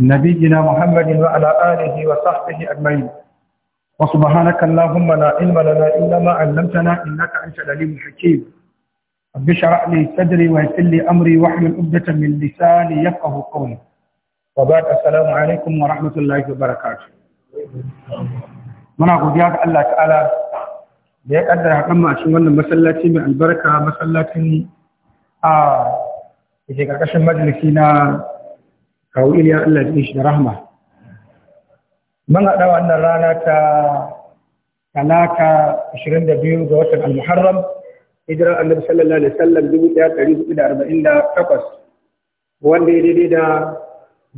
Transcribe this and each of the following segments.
نبينا محمد وعلى آله وصحبه أجمعين وسبحانك اللهم لا علم لنا إلا ما علمتنا إنك أنت العليم الحكيم رب اشرح لي صدري ويسر لي أمري واحلل عقدة من لساني يفقه قولي وبعد السلام عليكم ورحمة الله وبركاته muna godiya ga Allah ta'ala da ya kaddara hakan mu a cikin wannan masallaci mai albarka masallacin a da ke karkashin majalisi na kawo iliya Allah ya shi da rahma mun haɗa wannan rana ta talata 22 ga watan al-muharram hijirar annabi sallallahu alaihi wasallam 1448 wanda ya daidai da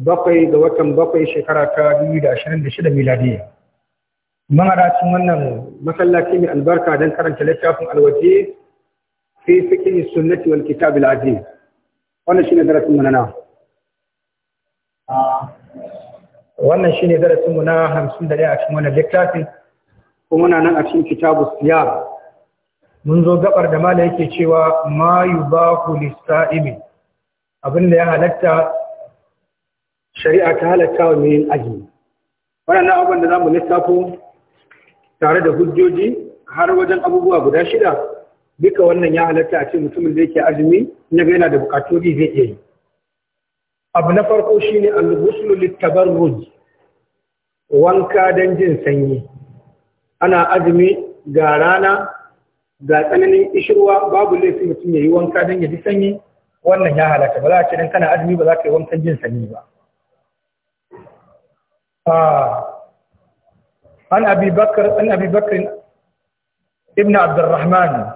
bakwai ga watan bakwai shekara ta 2026 miladiyya mun haɗa cikin wannan masallaci mai albarka don karanta littafin alwaje fi fiqh sunnati wal kitab al-aziz wannan shine darasin mu na wannan shine darasin mu na 51 a cikin wannan littafin kuma muna nan a cikin kitabu siyar mun zo gabar da mala yake cewa ma yubahu lisa'imi abin da ya halatta shari'a ta halatta wa mai azumi waɗannan abin da zamu lissafo tare da hujjoji har wajen abubuwa guda shida duka wannan ya halatta a cikin mutumin da yake azumi in ga yana da bukatu zai iya yi abu na farko shi ne ghuslu lit-tabarruj wanka dan jin sanyi ana azumi ga rana ga tsananin ishirwa babu laifin mutum ya yi wanka dan ya ji sanyi wannan ya halaka ba za a ce dan kana azumi ba za ka yi wankan jin sanyi ba ah, an abi bakar an abi bakar ibn abdurrahman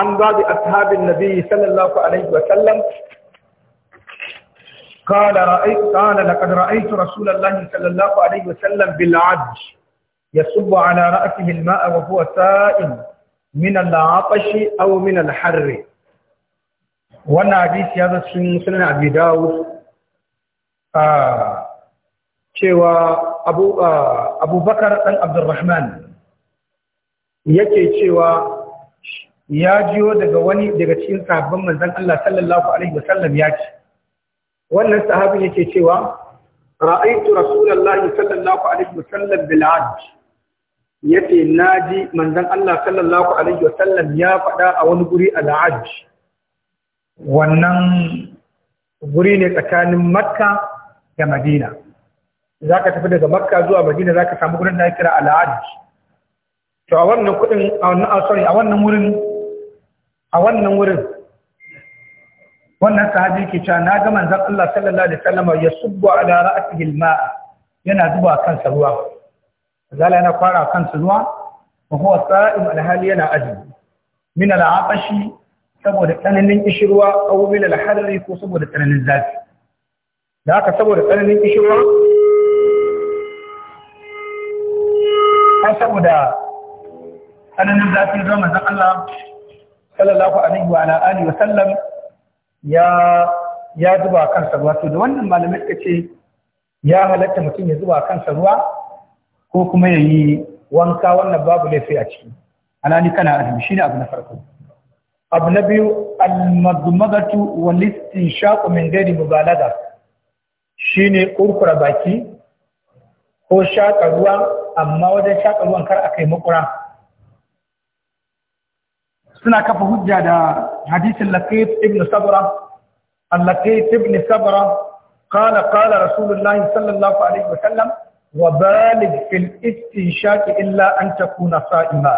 an babu ashabin nabi sallallahu alaihi wa sallam قال رأيت قال لقد رأيت رسول الله صلى الله عليه وسلم بالعج يصب على رأسه الماء وهو سائم من العطش أو من الحر وانا حديث هذا سنن أبي داود آه cewa abubakar ɗan abdurrahman yake cewa ya jiyo daga wani daga cikin sabbin manzan Allah sallallahu Alaihi wasallam ya ce wannan sahabin yake cewa ra'aitu rasulullahi sallallahu alaihi wasallam bil hajj yace naji manzon Allah sallallahu alaihi wasallam ya faɗa a wani guri al hajj wannan guri ne tsakanin Makka da Madina zaka tafi daga Makka zuwa Madina zaka samu gurin da ake kira al hajj to a wannan kudin a wannan sorry a wannan wurin a wannan wurin wannan sahabi ke cewa na ga manzon Allah sallallahu alaihi wasallam ya subbu ala ra'sihi al-ma'a yana zuba kansa ruwa zala yana fara kansa ruwa wa huwa sa'im al-hali yana azumi min al-atashi saboda tsananin kishirwa aw min al-hadari ko saboda tsananin zafi da haka saboda tsananin kishirwa ko saboda tsananin zafin zama zan Allah sallallahu alaihi wa alihi wa sallam ya zuba kansa ruwa to da wannan malamai suka ce ya halatta mutum ya zuba kansa ruwa ko kuma ya yi wanka wannan babu laifi a ciki alani kana azumi shine abu na farko abu na biyu almagmagatu wal istinshaqu min ghairi shi shine kurkura baki ko shaka ruwa amma wajen shaka ruwan kar a kai makura suna kafa hujja da hadisin Laqit ibn Sabra Al-Laqit ibn Sabra qala qala Rasulullahi sallallahu alaihi wasallam wa balig fil istinshaq illa an takuna sa'ima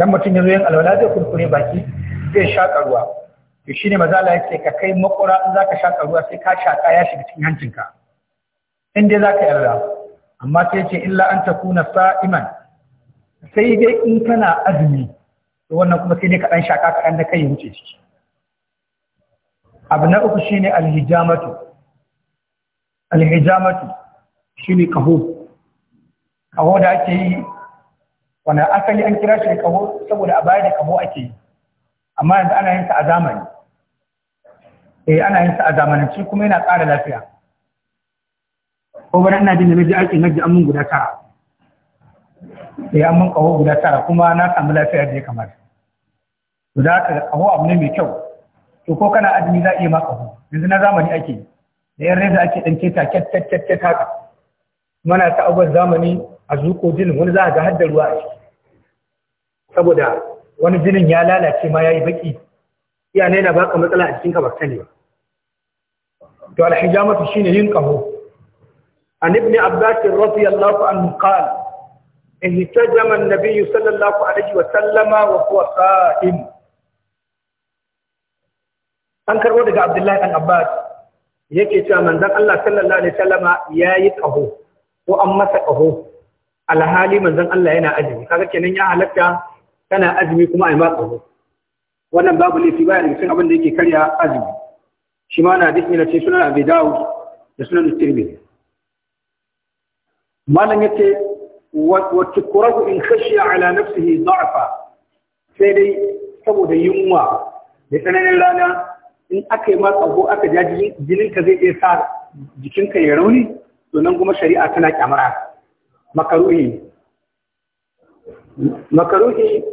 dan mutun yazo yin alwala zai kurkure baki zai shaka ruwa to shine maza Allah yake ka kai makura in zaka shaka ruwa sai ka shaka ya shiga cikin hancinka in dai zaka yarda amma sai ce illa an takuna sa'iman sai dai in kana azumi to wannan kuma sai dai kaɗan shaka kaɗan da kai ya wuce ciki abu na uku shine alhijamatu alhijamatu shine kaho kaho da ake yi wani asali an kira shi kaho saboda a baya da kaho ake yi amma yanzu ana yin sa a zamani eh ana yin sa a zamanance kuma yana ƙara lafiya ko wani ina jin da naji aikin maji an mun guda tara sai eh, an mun kaho guda tara kuma na samu lafiya da ya kamata to za ka kaho abu ne mai kyau to ko kana azumi za a iya ma kaho yanzu na zamani ake da yan reza ake dan keta kyakkyakkyak haka mana ta abubuwan zamani a zuko jinin wani za a ga haddar ruwa a ciki saboda wani jinin ya lalace ma ya yi baki iyanai na baka matsala a cikin kabarta baka ne to alhijamatu shine yin kaho an ibn abbas radiyallahu anhu qala اهتجم النبي صلى الله عليه وسلم وهو قائم an karbo daga Abdullahi بن عباس yake cewa manzon Allah sallallahu alaihi wasallama yayi kaho ko an masa kaho alhali manzon Allah yana azumi kaga kenan ya halatta kana azumi kuma ai ma kaho wannan babu laifi ba ne cikin abin da yake karya azumi shi ma na hadisi ne ce sunan Abi Dawud da sunan Tirmidhi malam yace وتكره إن خشي على نفسه ضعفا سيدي سبو دي يموى لسنة لنا in aka yi masa ko aka jaji jininka zai iya sa jikinka ya rauni to nan kuma shari'a tana kyamara makaruhi makaruhi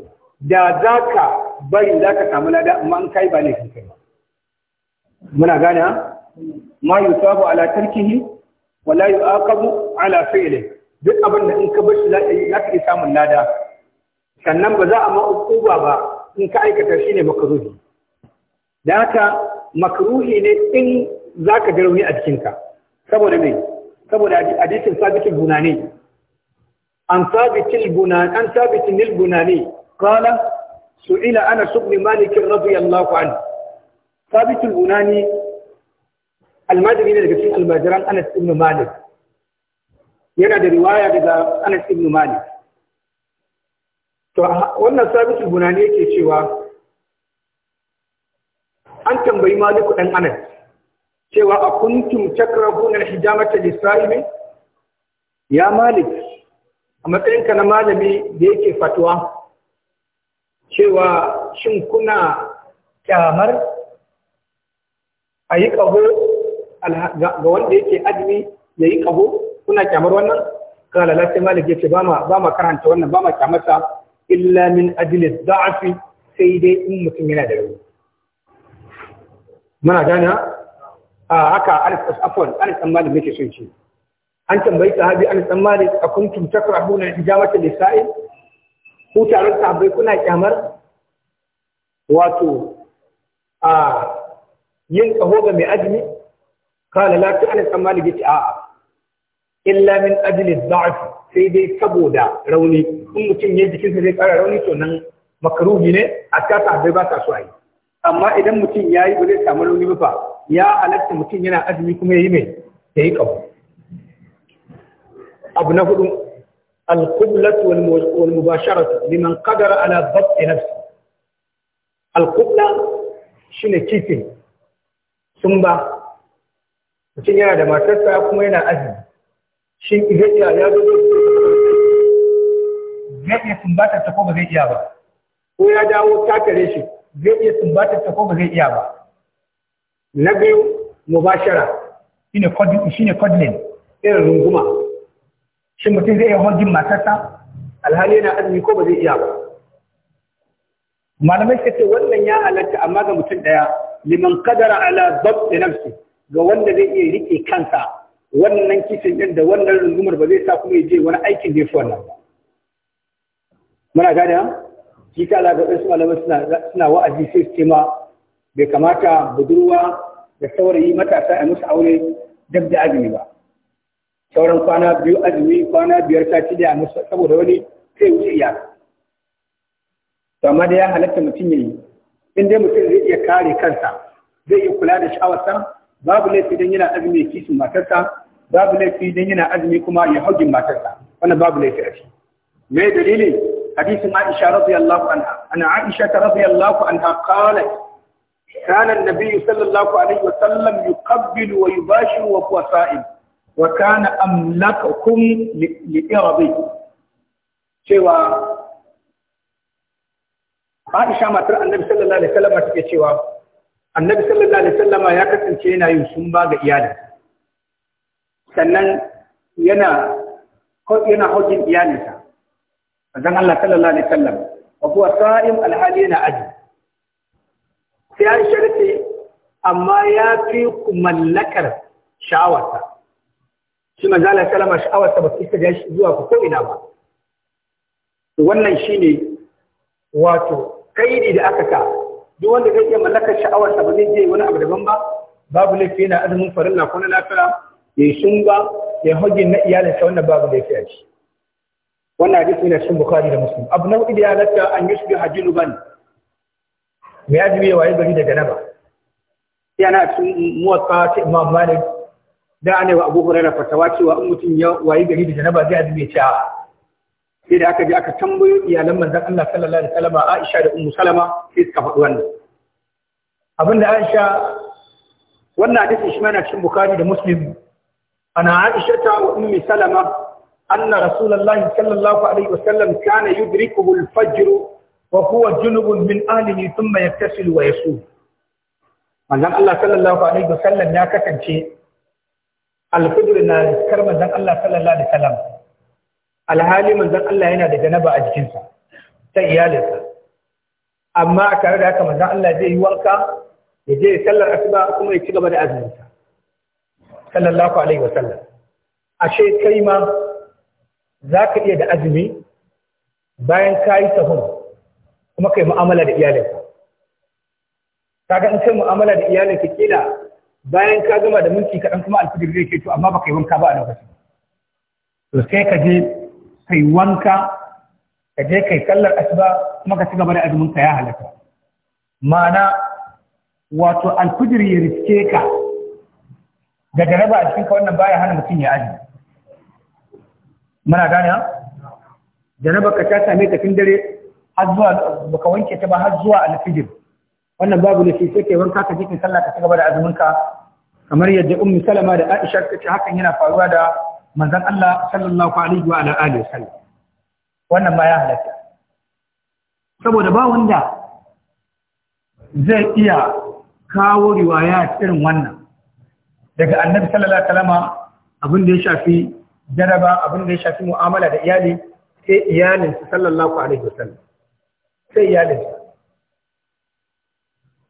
da za ka bari za ka samu lada amma kai ba laifin muna gane ma yusabu ala tarkihi wala yu'aqabu ala fi'li duk abin da in ka bar shi za ka iya samun lada sannan ba za a ma'ukuba ba in ka aikata shi ne makaruhi da haka makaruhi ne in za ka rauni a jikinka saboda mai saboda hadisin sabitin bunani an sabitin bunani an sabitin nil bunani qala su'ila ana subni malik radiyallahu anhu sabitin bunani almajiri ne daga cikin almajiran ana ibn malik yana da riwaya daga Anas ibn Malik to wannan sabitu bunani yake cewa an tambayi Maliku dan Anas cewa a kuntum takrahuna al-hijamata lisa'imi ya Malik a matsayinka na malami da yake fatuwa cewa shin kuna kyamar a yi ƙaho ga wanda yake azumi ya yi ƙaho kuna kyamar wannan kala lati malik yace ba ma ba ma karanta wannan ba ma kyamarsa illa min ajli da'fi sai dai in mutum yana da rauni muna gane a haka Anas afwan Anas dan Malik yake so shi an tambayi sahabi Anas dan Malik akuntum takrahuna ijamata lisa'i ku taron sahabbai kuna kyamar wato a yin kaho ga mai ajmi kala lati ta Anas dan Malik yace a'a illa min ajli dha'f sai dai saboda rauni in mutum ya jikinsa zai kara rauni to nan makruhi ne a kasa bai ba ta so amma idan mutum yayi yi ba zai samu rauni ba ya alatta mutum yana azumi kuma ya mai ya yi kawo abu na hudu alkublatu wal mubasharatu liman qadara ala dhabt nafsi al-qibla shine kifin sun ba mutum yana da matarsa kuma yana azumi shi zai iya ya zo zai iya sumbatar ta ko ba zai iya ba ko ya dawo takare shi zai iya sumbatar ta ko ba zai iya ba na biyu mubashara shine kodin shine kodin irin runguma shi mutum zai iya hogin matarsa alhali yana azumi ko ba zai iya ba malamai suka ce wannan ya halatta amma ga mutum daya liman kadara ala dabt nafsi ga wanda zai iya rike kansa wannan kitchen din da wannan rungumar ba zai sa kuma ya je wani aikin da ya fi wannan ba muna gada shi ta zaga ɗansu malamai suna wa'azi sai su ce ma bai kamata budurwa da saurayi matasa a musu aure duk da azumi ba sauran kwana biyu azumi kwana biyar ta ci da musu saboda wani sai wuce iya to da ya halatta mutum ya yi in dai mutum zai iya kare kansa zai iya kula da sha'awarsa babu laifi don yana azumi ya kisin matarsa babu laifi dan yana azumi kuma ya haujin matarsa wannan babu laifi a shi me dalili hadisin Aisha radiyallahu anha ana Aisha ta radiyallahu anha qalat كان النبي صلى الله عليه wa يقبل ويباشر وهو صائم وكان أملككم لإرضي cewa Aisha matar Annabi sallallahu alaihi wa wasallam take cewa Annabi sallallahu alaihi wa sallam ya kasance yana yin sumba ga iyali sannan yana yana haujin iyalinsa manzon Allah sallallahu alaihi wasallam wa huwa sa'im alhali yana aji sai Aisha amma ya fi mallakar sha'awarsa shi manzon Allah sallallahu alaihi sha'awarsa ba su ta shi zuwa ko ina ba wannan shine wato kaidi da aka ka duk wanda zai iya mallakar sha'awarsa ba zai je wani abu daban ba babu laifi yana azumin farilla ko na lafiya ya yi shunga ya hajji na iyalin sa wannan babu da yake yaji wannan hadisi yana sun bukari da muslim abu na hudu da ya halatta an yi shugaba hajji luban mai yaji ya waye gari da ganaba yana cin muwatsa ta imam malik da ana wa abu hurairah fatawa cewa in mutum ya waye gari da ganaba zai azumi ca sai da aka je aka tambayo iyalan manzan Allah sallallahu alaihi wasallam Aisha da Ummu Salama sai suka faɗi wannan abinda Aisha wannan hadisi shi ma yana cikin Bukhari da Muslim أنا عائشة وأم سلمة أن رسول الله صلى الله عليه وسلم كان يدركه الفجر وهو جنب من أهله ثم يكتسل ويصوم manzon Allah sallallahu alaihi wa sallam ya kasance alfijir na kar manzon Allah sallallahu alaihi wa sallam. alhali manzon Allah yana da janaba a jikinsa ta iyalinsa amma a tare da haka manzon Allah zai yi wanka ya je sallar asuba kuma ya ci gaba da azuminsa sallallahu alaihi wasallam ashe kai ma za ka iya da azumi bayan ka yi sahun kuma kai mu'amala da iyalinka kaga in kai mu'amala da iyalinka kila bayan ka gama da mulki kaɗan kuma alfijir zai ke to amma baka yi wanka ba a lokacin to sai ka je kai wanka ka je kai sallar asuba kuma ka ci gaba da azumin ka ya halaka ma'ana wato alfijir ya riske ka da jaraba a cikin wannan baya hana mutum ya aji muna gane jaraba ka ta same tafin dare har zuwa wanke ta ba har zuwa alfijir wannan babu shi sai ke wanka ka jikin sallah ka cigaba da azumin ka kamar yadda ummi salama da aisha ta ce hakan yana faruwa da manzon Allah sallallahu alaihi wa alihi sallam wannan ma ya halatta saboda ba wanda zai iya kawo riwaya irin wannan daga annabi sallallahu alaihi wasallam abin da ya shafi jaraba abin da ya shafi mu'amala da iyali sai iyalin sallallahu alaihi wasallam sai iyalin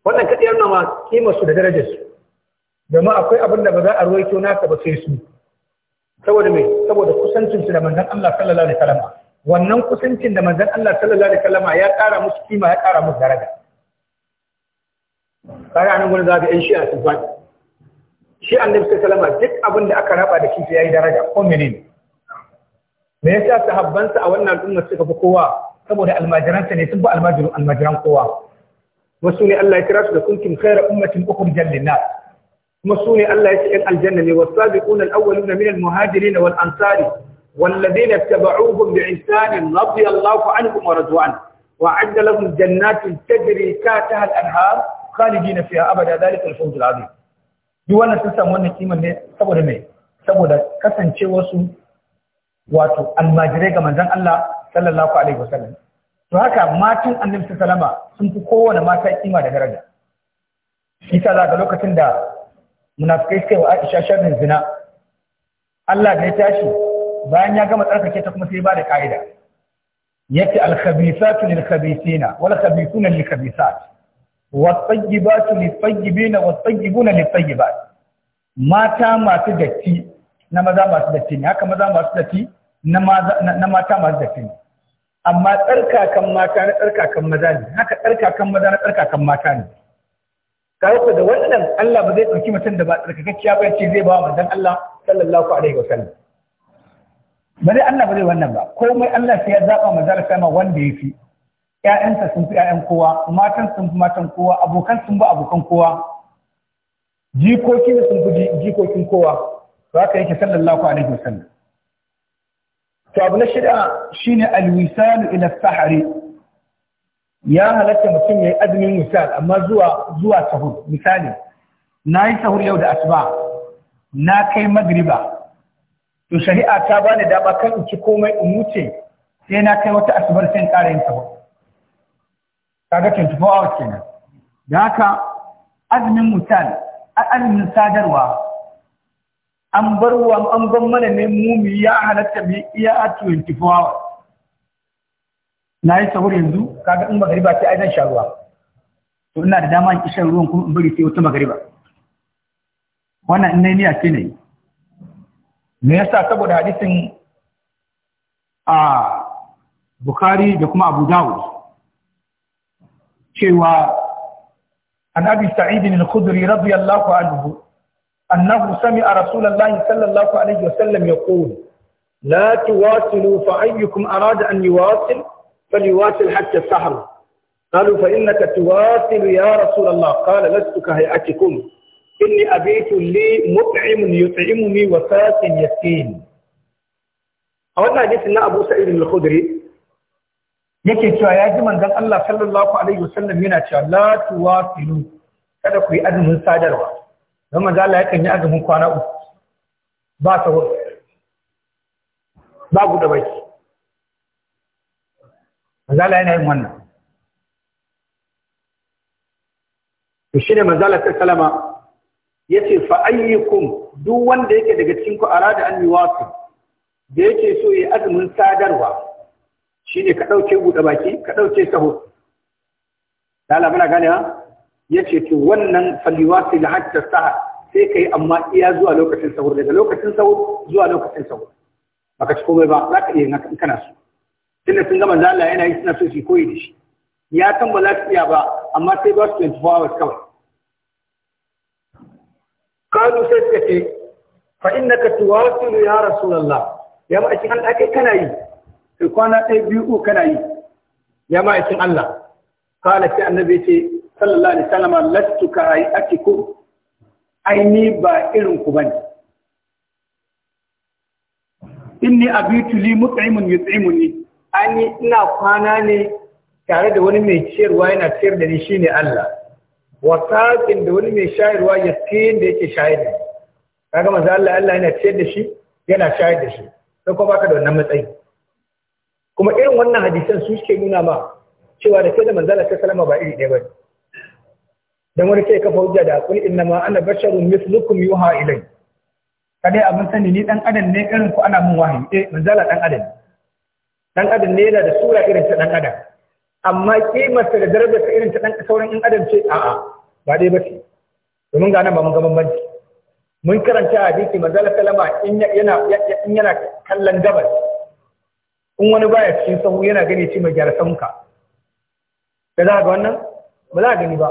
wannan kadai yana ma kima su da darajar su domin akwai abin da ba za a ruwaito naka ba sai su saboda me saboda kusancin su da manzon Allah sallallahu alaihi wasallam wannan kusancin da manzon Allah sallallahu alaihi wasallam ya kara musu kima ya kara musu daraja kaga nan gurin zaka ga ƴan shi'a sun faɗi shi annabi sallallahu alaihi duk abin da aka raba da shi sai yayi daraja ko menene me yasa sahabbansa a wannan al'umma suka fi kowa saboda almajiransa ne sun fi almajiru almajiran kowa wasu ne Allah ya kira su da kuntum khayra ummatin ukhrijat lin kuma su ne Allah ya ce yan aljanna ne was-sabiquna al-awwaluna min al-muhajirin wal-ansari والذين اتبعوهم بإحسان رضي الله عنهم ورضوا عنه وأعد لهم جنات تجري تحتها الأنهار خالدين فيها أبدا ذلك الفوز العظيم duk wannan sun samu wannan kiman ne saboda mai saboda kasancewarsu wato almajirai ga manzon Allah sallallahu alaihi wasallam to haka matan annabi sallama sun fi kowane mata kima da daraja shi ta za ga lokacin da munafikai suka wa Aisha sharrin zina Allah da ya tashi bayan ya gama tsarkake ta kuma sai ba da ka'ida yace al-khabithatu lil-khabithina wal-khabithuna lil-khabithat wasayyibatu lisayyibina wasayyibuna lisayyibat mata masu datti na maza masu datti ne haka maza masu datti na mata masu datti ne amma tsarkakan mata na tsarkakan maza ne haka tsarkakan maza na tsarkakan mata ne kawo da wannan Allah ba zai ɗauki mutum da ba tsarkakakkiya ba ce zai ba wa manzon Allah sallallahu alaihi wa sallam ba zai Allah ba zai wannan ba komai Allah sai ya zaba manzon da sama wanda ya fi ‘ya’yansa sun fi yayan kowa matan sun fi matan kowa abokan sun fi abokan kowa jikoki sun fi jikokin kowa to haka yake sallallahu alaihi wasallam to abu na shida shine alwisalu ila sahari ya halatta mutum ya yi azumin misal amma zuwa zuwa sahur misali na yi sahur yau da asuba na kai magriba to shari'a ta bani dama kan in ci komai in wuce sai na kai wata asubar sai in ƙara yin sahur kaga 24 hours kenan da haka azumin mutal azumin sadarwa an bar wa an ban mana ne mumi ya halatta bi iya a 24 hours na yi sahur yanzu kaga in magariba sai ai zan sha ruwa to ina da dama in ki ruwan kuma in bari sai wata magariba wannan in nayi niyya ce ne me yasa saboda hadisin a ah, Bukhari da kuma Abu Dawud cewa an abi sa'id al-khudri radiyallahu anhu annahu sami'a rasulullahi sallallahu alaihi wasallam yaqul la tuwasilu fa ayyukum arada an yuwasil فليواصل حتى السحر قالوا فإنك تواصل يا رسول الله قال لست كهيئتكم إني أبيت لي مطعم يطعمني وساس يسكين أولا حديث أن أبو سعيد الخدري yake cewa ya ji manzon Allah sallallahu alaihi wasallam yana cewa la tuwasilu kada ku yi azumin sadarwa don manzon Allah yakan yi azumin kwana uku ba sahur ba guda baki manzon Allah yana yin wannan to ne manzon Allah kalama yace fa ayyukum duk wanda yake daga cikin ku arada an wasu da yake so yi azumin sadarwa shi ne ka ɗauke buɗe baki ka ɗauke saho dala muna ha ya ce to wannan sai da hajjar saha sai ka yi amma iya zuwa lokacin sahur daga lokacin sahur zuwa lokacin sahur baka ci komai ba za ka iya in kana so tunda sun gama zala yana yi suna so su koyi da shi ya san ba za su iya ba amma sai ba su 24 hours kawai kalu sai suka ce fa innaka tuwasilu ya rasulullah ya ma cikin Allah kai kana yi kwana ɗaya biyu uku kana yi ya aikin Allah kala sai annabi ce sallallahu alaihi wasallam lastu ka ko. aini ba irin ku bane inni abitu li mut'imun yut'imuni ani ina kwana ne tare da wani mai ciyarwa yana ciyar da ni shine Allah wa taqin da wani mai shayarwa ya tiyin da yake shayar da kaga manzo Allah Allah yana ciyar da shi yana shayar da shi sai ko baka da wannan matsayi kuma irin wannan hadisan su suke nuna ma cewa da kai da manzala ta salama ba iri ɗaya ba dan wani kai kafa hujja da kul inna ma ana basharun mislukum yuha ilai kada abin sani ni dan adam ne irin ku ana mun wahayi eh manzala dan adam dan adam ne yana da sura irin ta dan adam amma kimar da darajar ta irin ta dan sauran in adam ce a'a ba dai ba ce domin ga nan ba mun ga bambanci mun karanta hadisi manzala salama in yana in yana kallon gabas in wani baya cikin sahu yana gani ce mai gyara sahunka da za ga wannan ba za a gani ba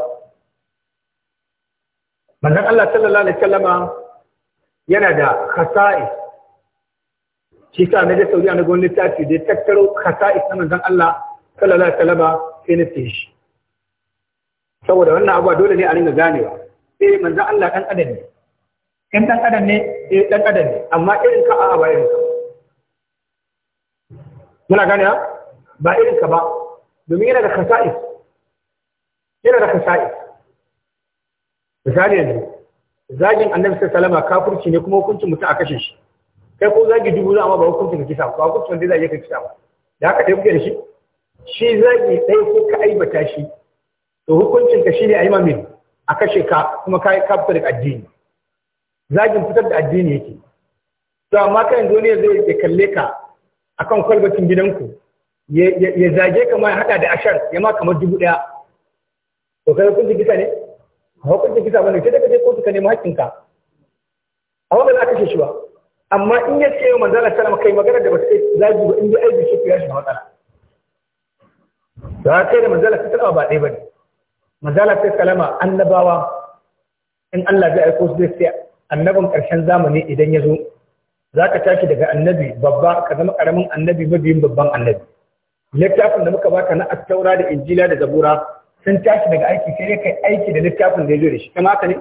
manzon Allah sallallahu alaihi wasallama yana da khasa'i shi sa na da sauri na gwamnati littafi da ya tattaro khasa'i na manzon Allah sallallahu alaihi wasallama sai na shi saboda wannan abuwa dole ne a ringa ganewa eh manzon Allah dan adam ne in dan adam ne eh dan adam ne amma irin ka a'a ba irin ka muna gane ba irin ka ba domin yana da khasa'is yana da khasa'is misali yanzu zagin annabi sai salama kafirci ne kuma hukuncin mutum a kashe shi kai ko zagi dubu za amma ba hukuncin ka kisa ba hukuncin da zai ka kisa ba da haka dai kuke da shi shi zagi ɗaya ko ka aibata shi to hukuncin ka shine a yi mamin a kashe ka kuma ka ka fitar da addini zagin fitar da addini yake to amma kan ne zai kalle ka akan kwalbatin gidanku ya zage kama ya haɗa da ashar ya ma kamar dubu ɗaya to kai hukuncin kisa ne a hukuncin kisa ne sai daga je kotu ka nemi haƙƙinka a wanda aka kashe shi ba amma in ya ce manzo Allah sallama kai magana da bata zagi ba in ji aiki shi ya shi matsala da kai da manzo Allah sallama ba ɗaya bane manzo Allah sallama annabawa in Allah zai aiko su zai sai annabin ƙarshen zamani idan ya zo za ka tashi daga annabi babba ka zama karamin annabi mabiyin babban annabi littafin da muka baka na attaura da injila da zabura sun tashi daga aiki sai dai kai aiki da littafin da ya zo da shi kuma haka ne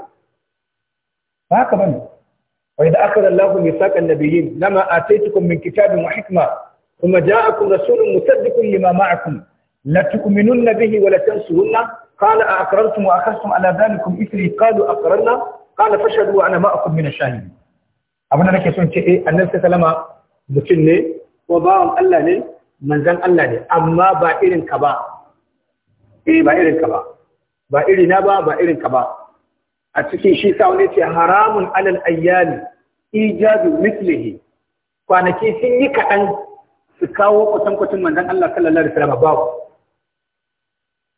ba haka bane wa idza akhadha Allahu mithaqan nabiyyin lama ataitukum min kitabin wa hikma thumma ja'akum rasulun musaddiqun lima ma'akum la tu'minunna bihi wa la tansurunna qala a aqrartum wa akhadhtum ala dhalikum ithri qalu aqrarna qala fashhadu wa ana ma'akum min ash-shahidin abin da nake son ce eh annabi sallama mutum ne ko bawan Allah ne manzan Allah ne amma ba irin ka ba eh ba irin ka ba ba iri na ba ba irin ka ba a cikin shi sa wani ce haramun alal ayyami ijazu mislihi kwanaki sun yi kaɗan su kawo kwatankwacin manzan Allah sallallahu alaihi wasallam babu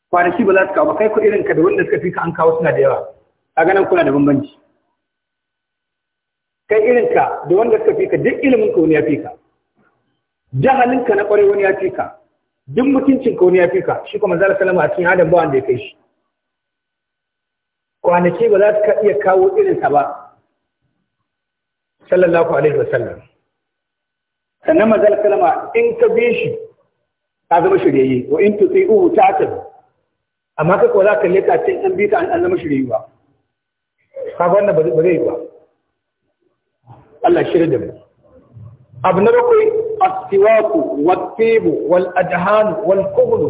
kwanaki ba za su kawo ba kai ku irin ka da wanda suka fi ka an kawo suna da yawa a ganin kuna da bambanci kai irinka da wanda suka fi ka duk ilimin ka wani ya fi ka ka na kwarai wani ya fi ka duk mutuncin ka wani ya fi ka shi kuma zara salama a cikin adam bawan da ya kai shi kwanaki ba za su iya kawo irinsa ba sallallahu alaihi wa sallam sannan mazal kalama in ka bi shi ka zama shiryayye wa in tu uhu ta ta amma ka kowa za ka leka ce an bi ka an zama shiryayye ba ka wannan ba zai yi ba Allah shirya da mu abu na bakwai asiwaku wal tebu wal adhan wal kublu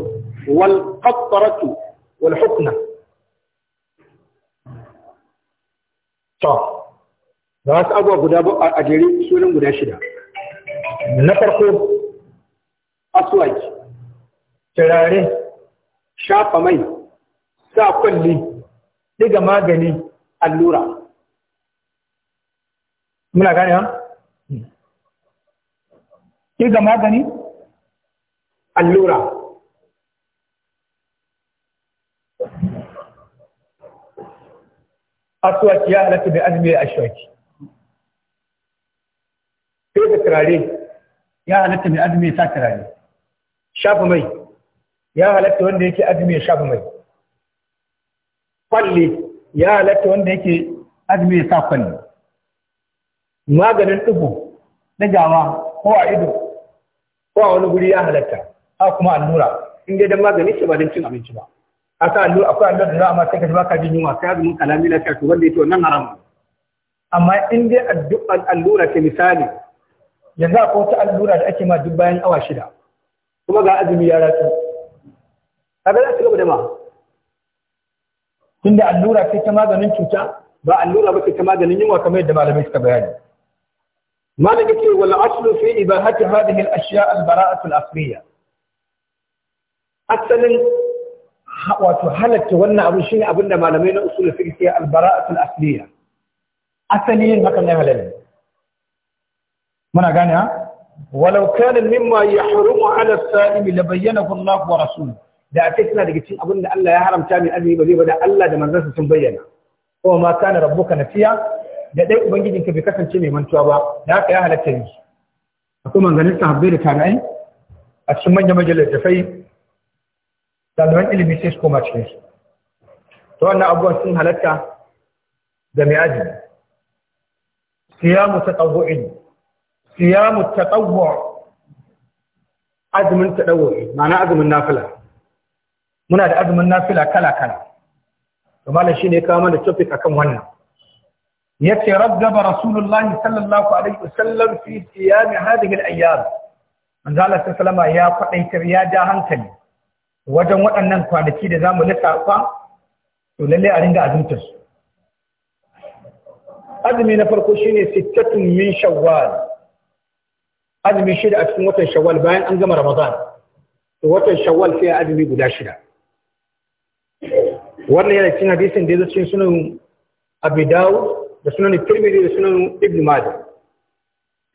wal qattaratu wal hukna to da wasu abubuwa guda ba a jere sunan guda shida na farko aswaki turare shafa mai sa kwalli diga magani allura muna gani ha ke ga magani allura aswaki ya halatta bai azumi ashwaki ke ga turare ya halatta mai azumi ya sa turare shafi mai ya halatta wanda yake azumi ya shafi mai kwalle ya halatta wanda yake azumi ya sa kwalle maganin ɗigo na jama ko a ido ko a wani guri ya halatta a kuma allura in dai dan magani shi ba don cin abinci ba A sa allura akwai allura da za a ma ba ka baka jin yunwa sai mun kalami lafiya to wanda yake wannan haram amma in dai allura ke misali yanzu akwai wata allura da ake ma duk bayan awa shida kuma ga azumi ya ratu kaga za su gaba da ma tunda allura ce ta maganin cuta ba allura ba ce ta maganin yunwa kamar yadda malamai suka bayani malam yake wal aslu fi ibahati hadhihi al ashya al bara'atu al asliya asalin wato halatta wannan abu shine abinda malamai na usul fiqh ke al bara'atu al asliya asali yin hakan ne halal muna gane ha walau da a ce suna daga cikin abin da Allah ya haramta min azumi ba zai ba da Allah da manzansa sun bayyana wa ma kana rabbuka nafiya da dai ka bai kasance mai mantuwa ba da haka ya halatta ne akwai manganin sahabbai da tabi'ai a cikin manyan majalar da fai ɗaliban ilimi sai su koma cikin su to wannan abubuwan sun halatta da mai aji siyamu tatawu'in siyamu tatawwu azumin tatawu'i ma'ana azumin nafila muna da azumin nafila kala kala Kamar shi ne ya kawo mana topic akan wannan yace raggaba rasulullahi sallallahu alaihi wasallam fi siyam hadhihi al-ayyam manzo Allah sallama ya kwadaitar ya ja hankali wajen waɗannan kwanaki da za mu lissafa to lalle a ringa azumtar su azumi na farko shine sittatun min shawwal azumi shida a cikin watan shawwal bayan an gama ramadan to watan shawwal sai azumi guda shida wannan yana cikin hadisin da ya zo cikin sunan abi dawud سنن الترمذي وسنن ابن ماجه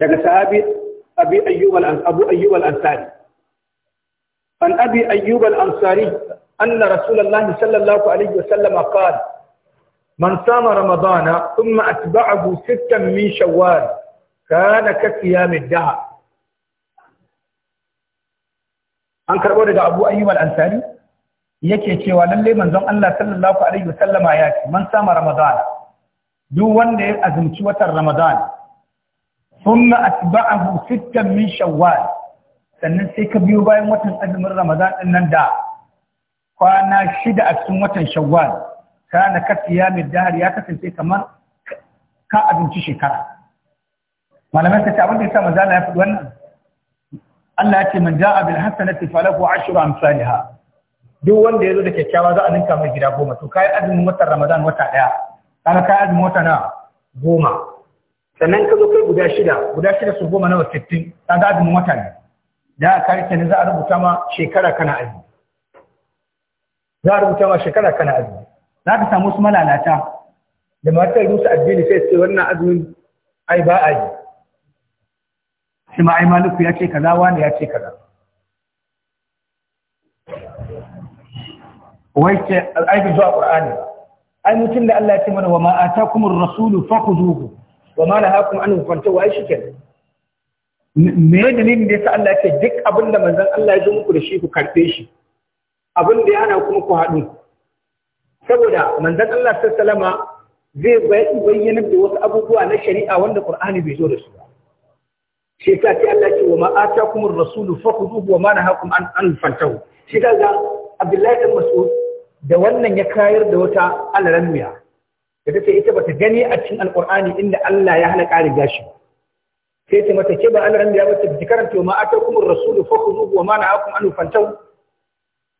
كما صحابي ابي ايوب ابو ايوب الانصاري عن ابي ايوب الانصاري ان رسول الله صلى الله عليه وسلم قال من صام رمضان ثم اتبعه ستا من شوال كان كصيام الدهر an karbo daga Abu Ayyub al-Ansari yake cewa lalle manzon Allah sallallahu alaihi wasallama ya ce man sama Ramadan duk wanda ya azumci watan Ramadan thumma atba'ahu sittan min shawwal sannan sai ka biyo bayan watan azumin Ramadan din nan da kwana shida a cikin watan Shawwal kana ka siyamid dahr ya kasance kamar ka azumci shekara Malamai ta ce abin da yasa manzo Allah ya faɗi wannan Allah ya ce man ja'a bil hasanati falahu ashru amsalha duk wanda ya zo da kyakkyawa za a ninka mai gida goma to kai azumin watan Ramadan wata daya kaga ka azumi mota na goma sannan ka zo kai guda shida guda shida su goma nawa sittin kaga azumin mota ne da aka rike ne za a rubuta ma shekara kana azumi za a rubuta ma shekara kana azumi za ka samu su malalata da matar rusa addini sai ce wannan azumin ai ba a yi shi ma ai maluku ya ce kaza wani ya ce kaza wai ce aiki zuwa ƙur'ani ba ai mutum da Allah ya ce mana wa ma atakumur rasulu fakhuduhu wa ma nahakum anhu fantahu ai shikenan me ya dalilin da yasa Allah ya ce duk abin da manzon Allah ya zo muku da shi ku karbe shi abin da yana kuma ku haɗu saboda manzon Allah sallallahu alaihi zai bayyana da wasu abubuwa na shari'a wanda Qur'ani bai zo da su shi ta ce Allah ce wa ma atakumur rasulu fakhuduhu wa ma nahakum an fantahu shi ta ga Abdullahi bin Mas'ud da wannan ya kayar da wata alarammiya da ta ce ita bata gani a cikin alkur'ani inda Allah ya hana ƙari gashi sai ta mata ke ba alarammiya ba ta karanta ma'a ta kuma rasulu fa ku wa ma na'akum an fantau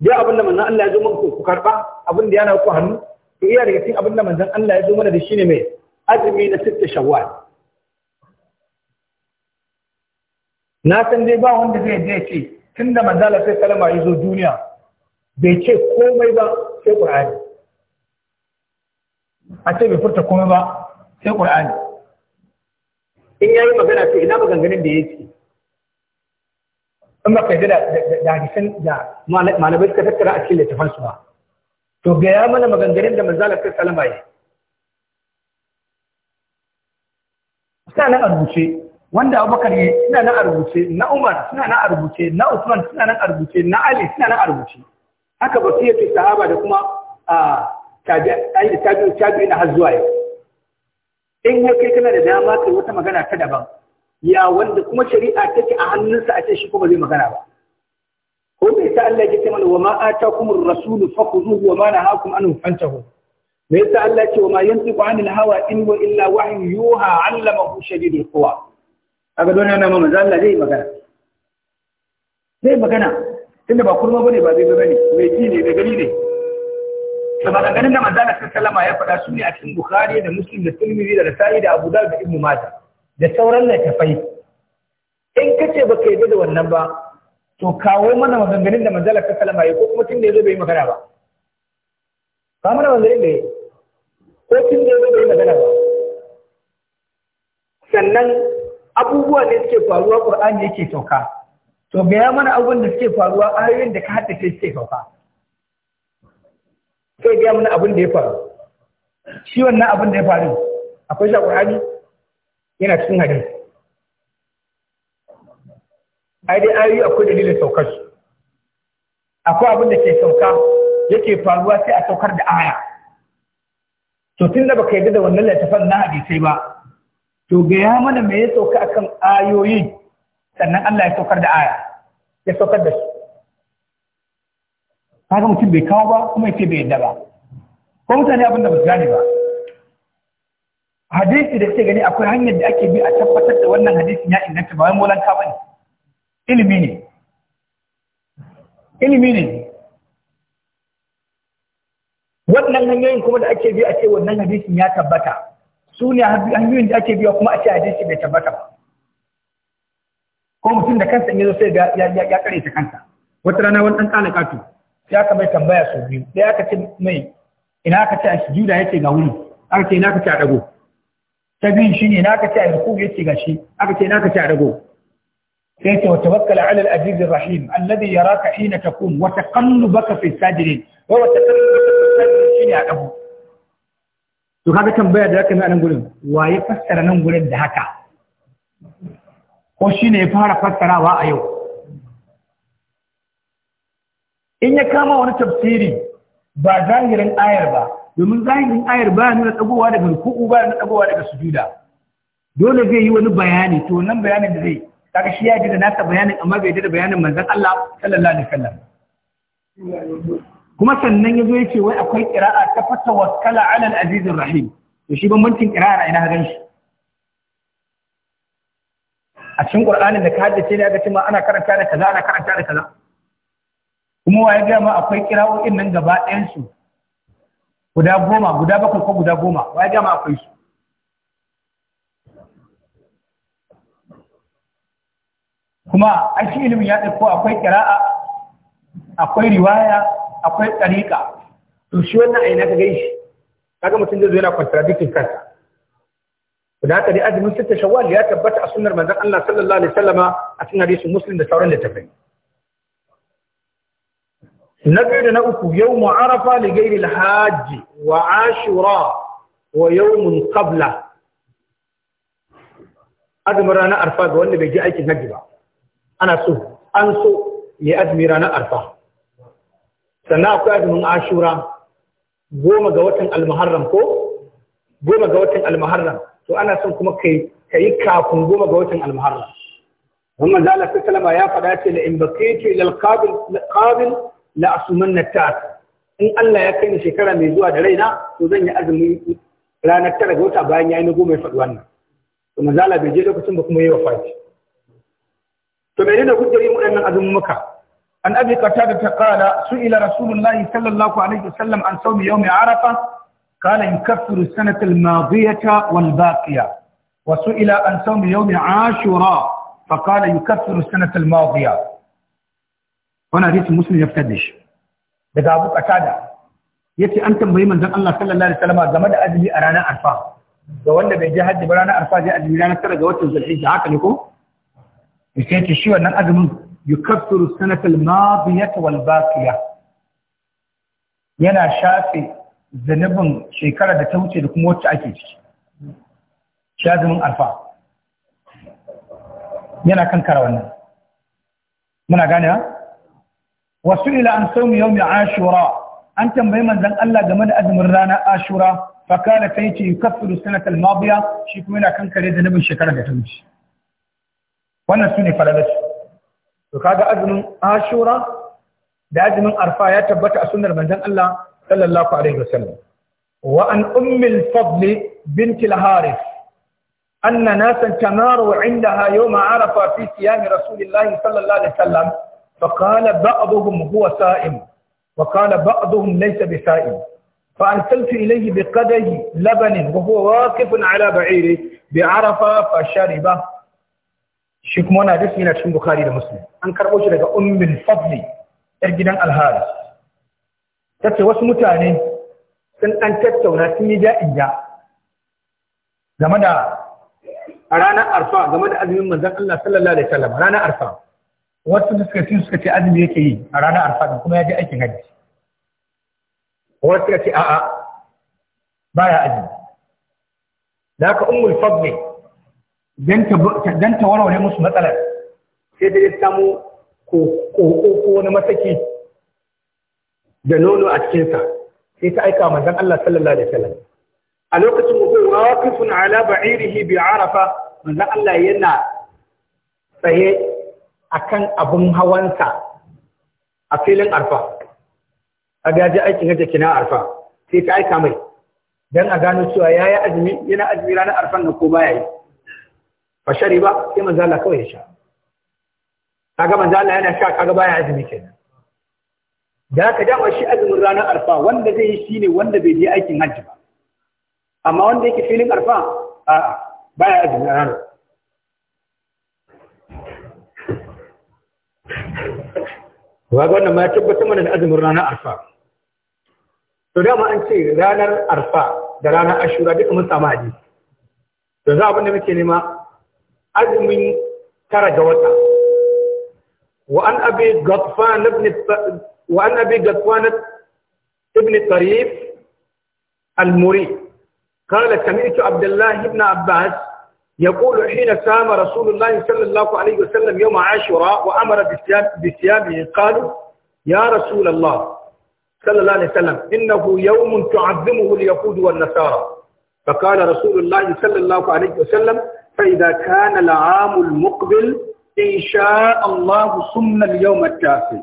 dai abin da manzon Allah ya zo muku ku karba abin da yana ku hannu to iya daga cikin abin da manzon Allah ya zo mana da shi ne mai azumi na sitta shawwal na san dai ba wanda zai je ce tunda manzala sai salama ya zo duniya bai ce komai ba sai ƙur'ani a ce bai furta komai ba sai ƙur'ani in yayi magana sai ina maganganun da yake in baka yi da hadisan da malamai suka tattara a cikin su ba to ya mana maganganun da manzala ta salama yi suna nan a rubuce wanda abubakar yi suna nan a rubuce na umar suna nan a rubuce na usman suna nan a rubuce na ali suna nan a rubuce haka basiratu sahaba da kuma tabi'i tabi'i na har zuwa yau in ya kai kana da dama kai wata magana ta daban ya wanda kuma shari'a take a hannunsa a ce shi kuma zai magana ba ko me yasa Allah ya ce mana wa ma atakumur rasulu fakhuzuhu wa ma nahakum anhu fantahu me yasa Allah ya ce wa ma ku anil hawa in wa illa wahyu yuha allamahu kowa. A ga don yana mana Allah zai magana zai magana tunda ba kurma bane ba zai zama ne mai ji ne da gani ne to ba ganin da manzala sallama ya faɗa su ne a cikin bukhari da muslim da tirmidhi da nasa'i da abu da ibnu majah da sauran littafai in kace baka yi da wannan ba to kawo mana maganganun da manzala sallama ya ko kuma tun da yazo bai magana ba Ba mana maganganun da ko tun da yazo bai magana ba sannan abubuwa ne suke faruwa qur'ani yake sauka to gaya mana abin da suke faruwa ayoyin da ka haddace suke sauka sai gaya mana abin da ya faru shi wannan abin da ya faru akwai shi a yana cikin hadisi ai dai ayoyi akwai dalilin saukar su akwai abin da ke sauka yake faruwa sai a saukar da aya to tun da baka yarda da wannan littafin na hadisai ba to gaya mana me ya sauka akan ayoyin sannan Allah ya saukar da aya ya saukar da su kaga mutum bai kawo ba kuma yace bai yadda ba ko mutane abin da ba su gane ba hadisi da ke gani akwai hanyar da ake bi a tabbatar da wannan hadisin ya inganta ba wai molanta bane ilimi ne ilimi ne wannan hanyoyin kuma da ake bi a ce wannan hadisin ya tabbata su ne hanyoyin da ake biya kuma a ce hadisi bai tabbata ba ko mutum da kansa in yazo sai ga ya kare ta kansa wata rana wani dan kana katu ya ka bai tambaya su biyu sai aka ce mai ina aka ce a sujuda yace ga wuri aka ce ina aka ce a dago ta biyu shine ina aka ce a ruku yace ga shi aka ce ina aka ce a dago sai ce wa tawakkal ala al-aziz ar-rahim alladhi yaraka hina taqum wa taqallubaka fi sajidin wa taqallubaka fi sajidin shine a dago to kaga tambaya da zaka yi a nan gurin waye fassara nan gurin da haka ko shi ne ya fara fassarawa a yau in ya kama wani tafsiri ba zahirin ayar ba domin zahirin ayar ba nuna tsagowa daga ruku'u ba nuna tsagowa daga sujuda dole zai yi wani bayani to nan bayanin da zai kaga shi ya ji da nasa bayanin amma bai ji da bayanin manzon Allah sallallahu alaihi wasallam kuma sannan yazo yace wai akwai qira'a ta fatawakkala ala al-azizir rahim to shi bambancin qira'a ina hagan shi a cikin Qur'anin da ka haddace ne aka cewa ma ana karanta da kaza ana karanta da kaza kuma waye ga ma akwai kirawoyin nan gaba ɗayan su guda goma guda bakwai ko guda goma waye ga ma akwai su kuma a shi ilimin ya ɗauko akwai kira'a akwai riwaya akwai tsarika to shi wannan aina ka gaishe kaga mutum zai zo yana kwantar dukkan kansa da haka dai azumin sitta shawwal ya tabbata a sunnar manzon Allah sallallahu alaihi wasallama a cikin hadisin muslim da sauran littafai na biyu da na uku yawmu arafa li ghairi al wa ashura wa yawmun qabla azumin ranar arfa ga wanda bai je aikin hajji ba ana so an so ya azumi ranar arfa sannan akwai azumin ashura goma ga watan almuharram ko goma ga watan almuharram to ana son kuma kai kai kafin goma ga watan almuharram wannan da Allah sallama ya faɗa ce la in baqitu ila alqabil qabil la asumanna ta'at in Allah ya kai ni shekara mai zuwa da raina to zan yi azumi ranar tara ga wata bayan yayi na goma ya faɗi wannan to manzo bai je lokacin ba kuma yayi wafati to menene hujjarin waɗannan azumin muka عن أبي قتادة قال سئل رسول الله صلى الله عليه وسلم عن صوم يوم عرفة قال يكفر السنة الماضية والباقية وسئل عن صوم يوم عاشوراء فقال يكفر السنة الماضية وانا حديث مسلم يفتدش daga Abu Qatada yace an tambayi manzon Allah sallallahu alaihi wasallam game da azumi a ranar Arfa ga wanda bai je hajji ba ranar Arfa je azumi ranar tara ga watan Zulhijja haka ne ko yace shi wannan azumin yukaffiru sanatal madiyata wal baqiya yana shafe zanubin shekara da ta wuce da kuma wacce ake ciki shi azumin alfa yana kan kara wannan muna gane wasu ila an saumi yau mai ashura an tambayi manzan Allah game da azumin rana ashura fakala ta yi ce yukafiru sanatar mabiya shi kuma yana kan kare zanubin shekara da ta wuce wannan su ne falalarsu to kaga azumin ashura da azumin arfa ya tabbata a sunnar manzan Allah صلى الله عليه وسلم وعن أم الفضل بنت الحارث أن ناسا تناروا عندها يوم عرفة في صيام رسول الله صلى الله عليه وسلم فقال بعضهم هو سائم وقال بعضهم ليس بسائم فأرسلت إليه بقدر لبن وهو واقف على بعيره بعرفة فشربه شكمنا جسمنا شكم بخاري لمسلم أنكر أجرق أم الفضل أرجنا الهارس ta ce wasu mutane sun ɗan tattauna sun yi ja'inja game da a ranar arfa game da azumin manzan Allah sallallahu alaihi wasallam ranar arfa wasu suka ce suka ce azumi yake yi a ranar arfa din kuma ya je aikin hajji wasu suka ce a'a baya azumi da haka ummul fadli dan ta warware musu matsalar sai da ya samu ko ko ko wani mataki da nono a cikinsa sai ta aika manzon Allah sallallahu alaihi wasallam a lokacin wa waqifun ala ba'irihi bi arafa manzon Allah yana tsaye akan abun hawansa a filin arfa a gaji aikin hajji kina arfa sai ta aika mai dan a gano cewa yayi azumi yana azumi ranar arfan nan ko baya yi fa ba sai manzon Allah kawai ya sha kaga manzon Allah yana sha kaga baya azumi kenan da aka dama shi azumin ranar arfa wanda zai yi shi ne wanda bai je aikin hajji ba amma wanda yake filin arfa a baya azumin ranar ga wannan ma ya tabbatar mana da azumin ranar arfa. To dama an ce ranar arfa da ranar ashura duka mun samu aji. To za abin da muke nema azumin tara ga wata. Wa an abi gatfan ibn وأن أبي قطوانة ابن الطريف المري قال سمعت عبد الله بن عباس يقول حين سام رسول الله صلى الله عليه وسلم يوم عاشوراء وأمر بثيابه قالوا يا رسول الله صلى الله عليه وسلم إنه يوم تعظمه اليهود والنصارى فقال رسول الله صلى الله عليه وسلم فإذا كان العام المقبل إن شاء الله صمنا اليوم التاسع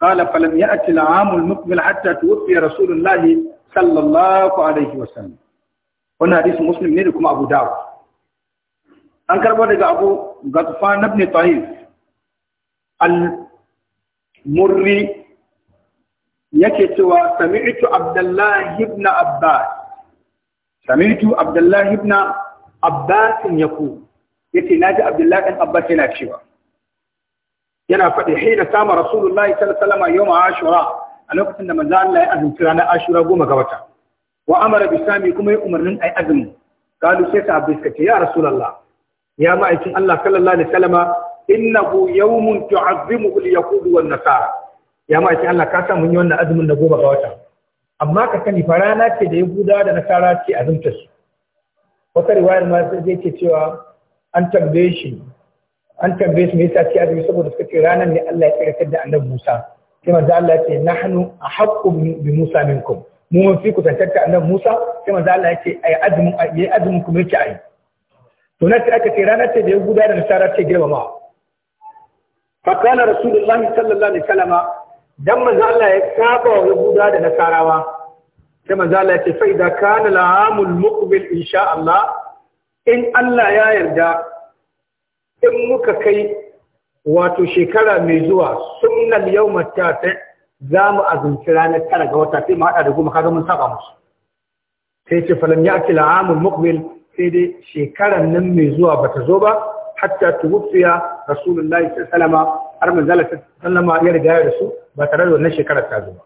قال فلم يأتي العام المقبل حتى توفي رسول الله صلى الله عليه وسلم wannan hadisin muslim ne da kuma abu dawud an karbo daga abu gatfan ibn tahir al murri yake cewa sami'tu Abdullahi ibn abbas sami'tu abdullah ibn abbas yaku yake naji abdullah yana cewa yana faɗi hina sama rasulullahi sallallahu alaihi wasallam yawma ashura a lokacin da manzo Allah ya azumci ranar ashura goma ga wata wa amara bi sami kuma ya umarnin ai azumi kalu sai ta abin kace ya rasulullah ya ma'aikin Allah sallallahu alaihi wasallam innahu yawmun tu'azzimuhu al-yahud wan nasara ya ma'aikin Allah ka san mun yi wannan azumin na goma ga wata amma ka sani fa rana ce da yahuda da nasara ce azumta su wata riwayar ma sai ce cewa an tambaye shi an tambaye su me yasa ce azumi saboda suka ce ranar ne Allah ya tsirkar da annabi Musa sai manzo Allah ya ce nahnu ahaqqu bi Musa minkum mu mun fi ku tantarta annabi Musa sai manzo Allah ya ce ai azumin ai azumin kuma yake ai to na ce aka ce ranar ce da ya gudanar da nasara ce girmama fa kana rasulullahi sallallahu alaihi wasallam dan manzo Allah ya saba wa guda da nasarawa sai manzo Allah ya ce fa idza kana al-amul muqbil insha Allah in Allah ya yarda in muka kai wato shekara mai zuwa sunan yau tafi za mu azumci ranar tara ga wata sai mu haɗa da goma kaga mun saba musu sai ce falam ya akila amul muqbil sai dai shekaran nan mai zuwa bata zo ba hatta tuwfiya rasulullahi sallallahu har manzala sallama ya riga ya rasu ba tare da wannan shekarar ta zo ba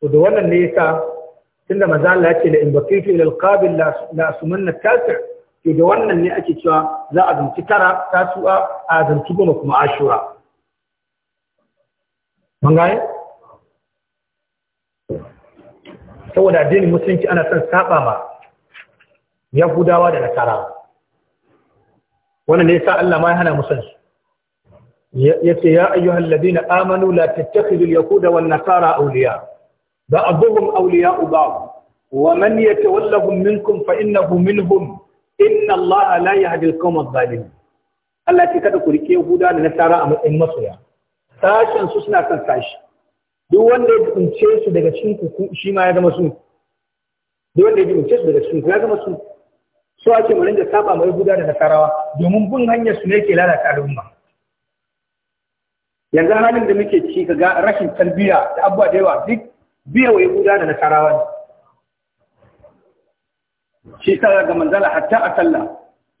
to da wannan ne yasa tunda manzala ya ce la in baqitu ila alqabil la tasir to da wannan ne ake cewa za a zanci tara tasu'a a zanci goma kuma ashura mun gane saboda addinin musulunci ana son saba ma yahudawa da nasara wannan ne yasa Allah ma ya hana musulunci yace ya ayyuhal ladina amanu la tattakhidul yahuda wan nasara awliya ba'dhum awliya'u ba'd wa man yatawallahum minkum fa innahu minhum inna Allah la yahdi al-qawm adh Allah ce kada ku rike Yahuda da Nasara a matsayin masoya sashen su suna kan sashi duk wanda ya tsince su daga cikin ku shi ma ya zama su duk wanda ya tsince su daga cikin ku ya zama su so ake mu rinka saba mai Yahuda da Nasarawa domin bin hanyar su ne ke lalata al'umma yanzu halin da muke ci kaga rashin tarbiyya da abubuwa da yawa duk biya wa Yahuda da Nasarawa ne shi sa ga manzala hatta a sallah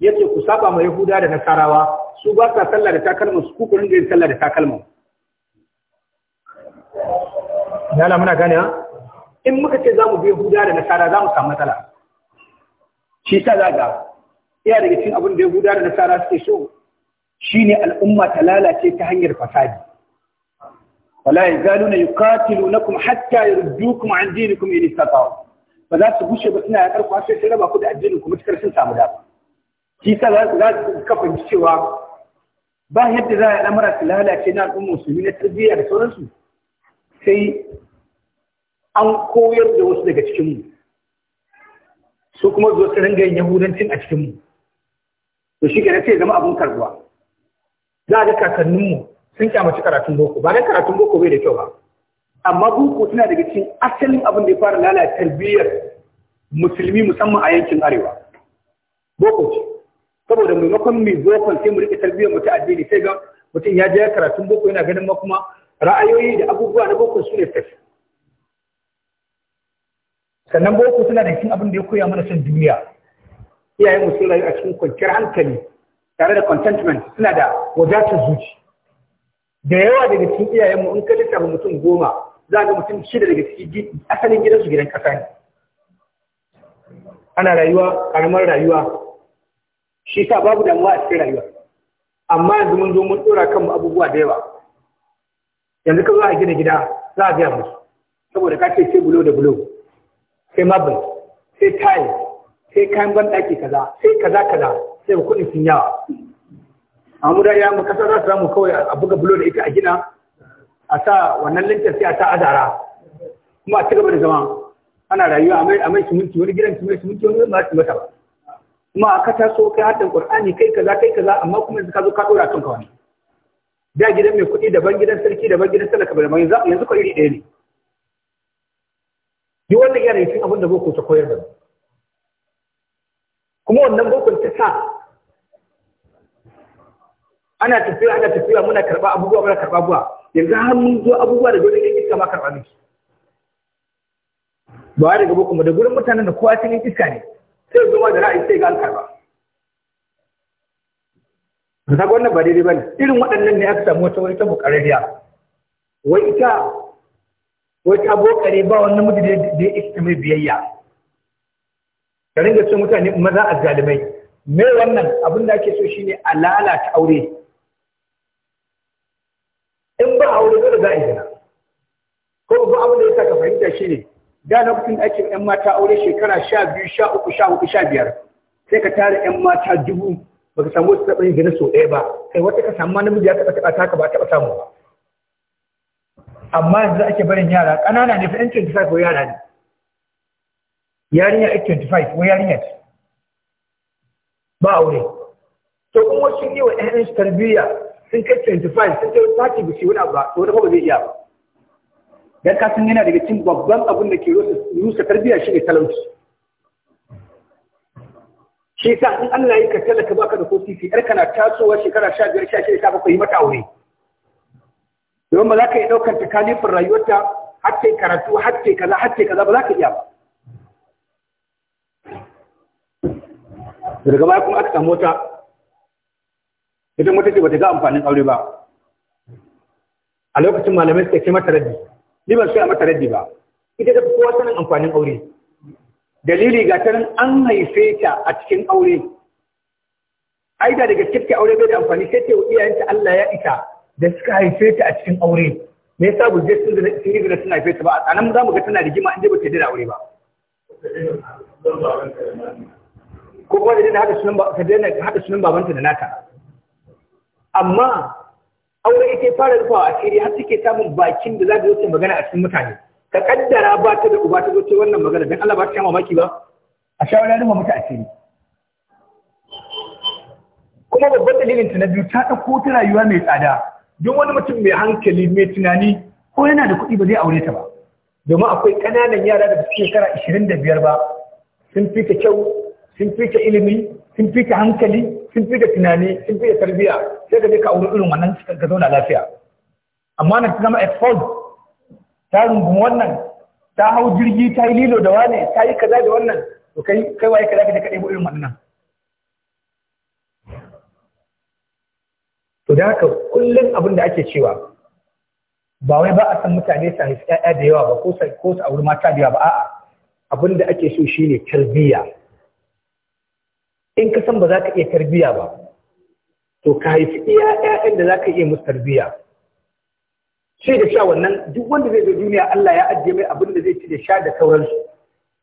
yace ku saba ma yahuda da nasarawa su ba sa sallah da takalma su ku kurin yin sallah da takalma Yana muna gane ha in muka ce za mu bi yahuda da nasara za mu samu matsala shi za ga iya daga cikin abin da yahuda da nasara suke so shine al'umma ta lalace ta hanyar fasadi wala yazaluna yuqatilunakum hatta yurdukum an dinikum in istata'u ba za su bushe ba suna yaƙar ku sai sai raba ku da addinin kuma cikar sun samu dama shi sa za su kafa cewa ba yadda za a yi lamura su lalace na al'ummar musulmi na tarbiyya da sauransu sai an koyar da wasu daga cikinmu su kuma zuwa su ringa yin yahudancin a cikinmu to shi kenan sai zama abin karbuwa za a ga kakanninmu sun kyamaci karatun boko ba dan karatun boko bai da kyau ba amma boko suna daga cikin asalin abin da ya fara lalata tarbiyyar musulmi musamman a yankin arewa boko ce saboda maimakon mai bokon sai mu rike tarbiyyar mu ta addini sai ga mutum ya je karatun boko yana ganin ma kuma ra'ayoyi da abubuwa na boko su ne tafi sannan boko suna daga cikin abin da ya koya mana son duniya mu sun rayu a cikin kwanciyar hankali tare da contentment suna da wadatar zuci da yawa daga cikin iyayenmu in ka littafa mutum goma za ga mutum shida daga ciki asalin gidansu gidan kasa ne ana rayuwa karamar rayuwa shi sa babu damuwa a cikin rayuwa amma yanzu mun zo mun ɗora kanmu abubuwa da yawa yanzu ka zo a gina gida za a biya musu saboda ka ce sai bulo da bulo sai mabin sai tayi sai kayan banɗaki kaza sai kaza kaza sai kuɗin sun yawa amma mu da ya mu kasa za su samu kawai a buga bulo da ita a gina a sa wannan lintar sai a sa azara kuma a cigaba da zama ana rayuwa a mai a mai siminti wani gidan su mai siminti wani ba su mata ba kuma a taso kai hadin qur'ani kai kaza kai kaza amma kuma yanzu ka zo ka dora kanka wani da gidan mai kuɗi daban gidan sarki daban gidan talaka daban yanzu yanzu ko iri ɗaya ne Yi wannan yana cikin abin da boko ta koyar da mu kuma wannan bokon ta sa ana tafiya ana tafiya muna karɓa abubuwa muna karɓa abubuwa yanzu har mun zo abubuwa da dole ne iska ba karɓa miki ba daga boko mu da gurin mutanen da kowa cikin iska ne sai zuma da ra'ayi sai ga an ba to kaga wannan ba daidai bane irin waɗannan ne aka samu wata wani ta bukarariya wai ita wai ta bokare ba wannan mutum da ya iska mai biyayya ka ringa ce mutane maza a zalimai me wannan abin da ake so shine a lalata aure in ba aure dole za a yi gina ko ba abin da ya ka fahimta shi ne da lokacin da ake yan mata aure shekara sha biyu sha uku sha hudu sha biyar sai ka tara yan mata dubu baka samu su taɓa yin gina sau ɗaya ba kai wata ka samu namiji ya taɓa taɓa taka ba taɓa samu ba amma yanzu ake barin yara ƙanana ne fa yan five ko yara ne yarinya yan five ko yarinya ce ba aure to kuma sun yi wa ƴaƴan tarbiyya sun kai 25 sun kai sati ba shi wani abu ba to wani ba zai iya ba dan ka san yana daga cikin babban abin da ke rusa tarbiyya shi ne talauci shi sa in Allah ya ka talaka baka da kofi titi yar kana tasowa shekara 15 16 17 yi mata aure don ba za ka yi ɗaukar takalifin rayuwarta har ta karatu har ta kaza har ta kaza ba za ka iya ba daga baya kuma aka samu wata idan wata ce bata ga amfanin aure ba a lokacin malamai suka ce mata raddi ni ban sai mata raddi ba ita da kowa sanin amfanin aure dalili ga ta nan an haife ta a cikin aure ai da daga cikin aure bai da amfani sai ta iyayenta Allah ya ita da suka haife ta a cikin aure me yasa bu je sun yi da suna haife ta ba a nan za mu ga tana rigima inda ba ta da aure ba ko kuma da hada sunan ba daina hada sunan babanta da nata amma aure ita fara rufa a asiri har take samun bakin da za ta wuce magana a cikin mutane ka kaddara ba ta da uba ta zoce wannan magana dan Allah ba ta mamaki ba a sha wani rufa mata asiri kuma babban dalilin ta na biyu ta ɗauko ta rayuwa mai tsada don wani mutum mai hankali mai tunani ko yana da kuɗi ba zai aure ta ba domin akwai ƙananan yara da suke shekara biyar ba sun fi ta kyau sun fi ka ilimi sun fi ka hankali sun fi ka tunani sun fi ka tarbiyya sai ka je ka auri irin wannan ka zauna lafiya amma na zama exposed ta rungumi wannan ta hau jirgi ta yi lilo da wane ta yi kaza da wannan to kai kai waye kaza ka je ka ɗebo irin wannan to da haka kullum abin da ake cewa ba wai ba a san mutane su haifi ƴaƴa da yawa ba ko su auri mata da yawa ba a'a abin da ake so shine tarbiyya in ka san ba za ka iya tarbiya ba to ka haifi iya ƴaƴan da za ka iya musu tarbiya shi da sha wannan duk wanda zai zo duniya Allah ya ajiye mai abin da zai ci da sha da sauransu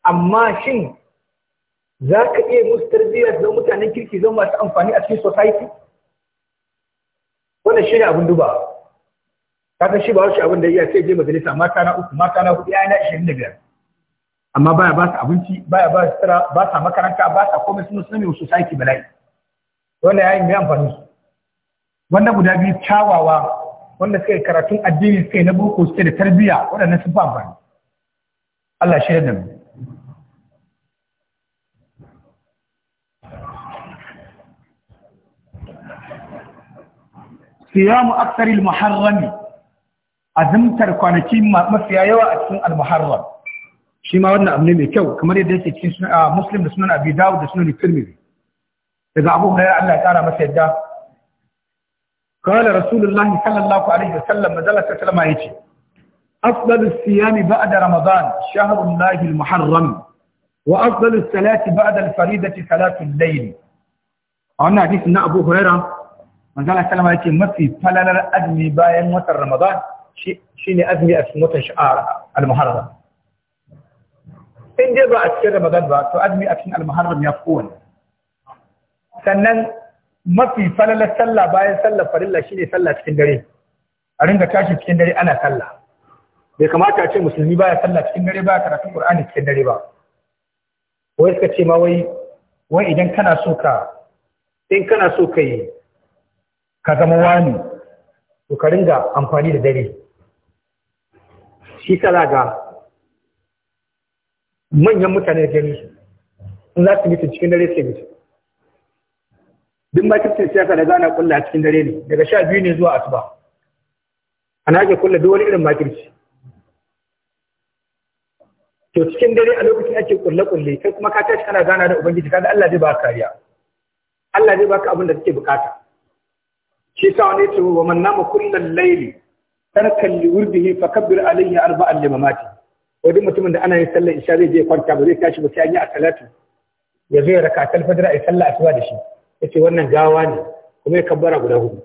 amma shin za ka iya musu tarbiya zama mutanen kirki zama masu amfani a cikin society wannan shi ne abin duba kaga shi ba wasu abin da iya sai je majalisa mata na uku mata na da biyar amma baya ba su abinci baya ba su tara ba su makaranta ba su komai sun sami wasu saki bala'i wannan yayin mai amfani su guda biyu kyawawa wanda suka yi karatun addini suka yi na boko suke da tarbiyya waɗannan sun fi amfani Allah shi da mu siyamu aksaril muharrami azumtar kwanaki mafiya yawa a cikin al-muharram shi ma wannan abu ne mai kyau kamar yadda yake cikin sunan muslim da sunan abi dawud da sunan tirmidhi daga abu hurairah Allah ya kara masa yadda qala rasulullahi sallallahu alaihi wasallam madalla ta sallama yace afdalu siyami ba'da ramadan shahrullahi almuharram wa afdalu salati ba'da alfaridati salatu al-layl wannan hadisi na abu hurairah manzala sallama yace mafi falalar azumi bayan watan ramadan shine azumi a cikin watan sha'ar al-muharram in dai ba a cikin ramadan ba to azumi a cikin almuharram ya fi sannan mafi falalar sallah bayan sallar farilla shine sallah cikin dare a ringa tashi cikin dare ana sallah bai kamata a ce musulmi baya sallah cikin dare ba karatu qur'ani cikin dare ba wai suka ce ma wai wai idan kana so ka in kana so ka yi ka zama wani to ka ringa amfani da dare shi sala ga manyan mutane da gani su in za su mutu cikin dare sai mutu duk sai siyasa da gana kulla a cikin dare ne daga sha biyu ne zuwa asuba ana ake kulla duk wani irin makirci to cikin dare a lokacin ake kulle kulle kai kuma ka tashi kana gana da ubangiji kaga Allah zai baka kariya Allah zai baka abin da kake bukata shi sa wani ya ce wa man nama kullal layli tarkan li wurdihi fakabbir alayhi arba'an limamati wani mutumin da ana yin sallar isha zai je kwanta ba zai tashi ba sai an yi asalatu ya zo ya raka tal fajr ai sallar asuba da shi yace wannan gawa ne kuma ya kabbara guda hudu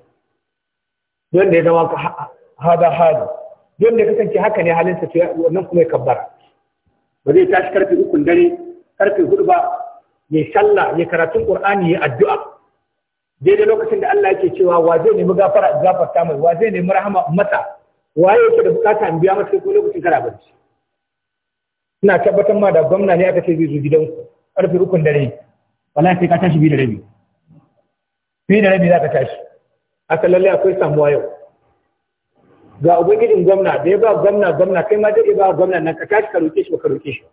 don da ya zama hada hadu don da ya kasance haka ne halin sa wannan kuma ya kabbara ba zai tashi karfe uku dare karfe hudu ba ya sallah ya karatun qur'ani ya addu'a daidai lokacin da Allah yake cewa wa zai nemi gafara gafarta mai wa zai nemi rahama masa, waye yake da bukata in biya masa ko lokacin kana barci ina tabbatar ma da gwamna ne aka ce zai zo gidanku karfe ukun dare wallahi sai ka tashi biyu da rabi biyu da rabi za ka tashi aka lalle akwai samuwa yau ga ubangijin gwamna da ya ba gwamna gwamna kai ma zai ba gwamna nan ka tashi ka roke shi ka roke shi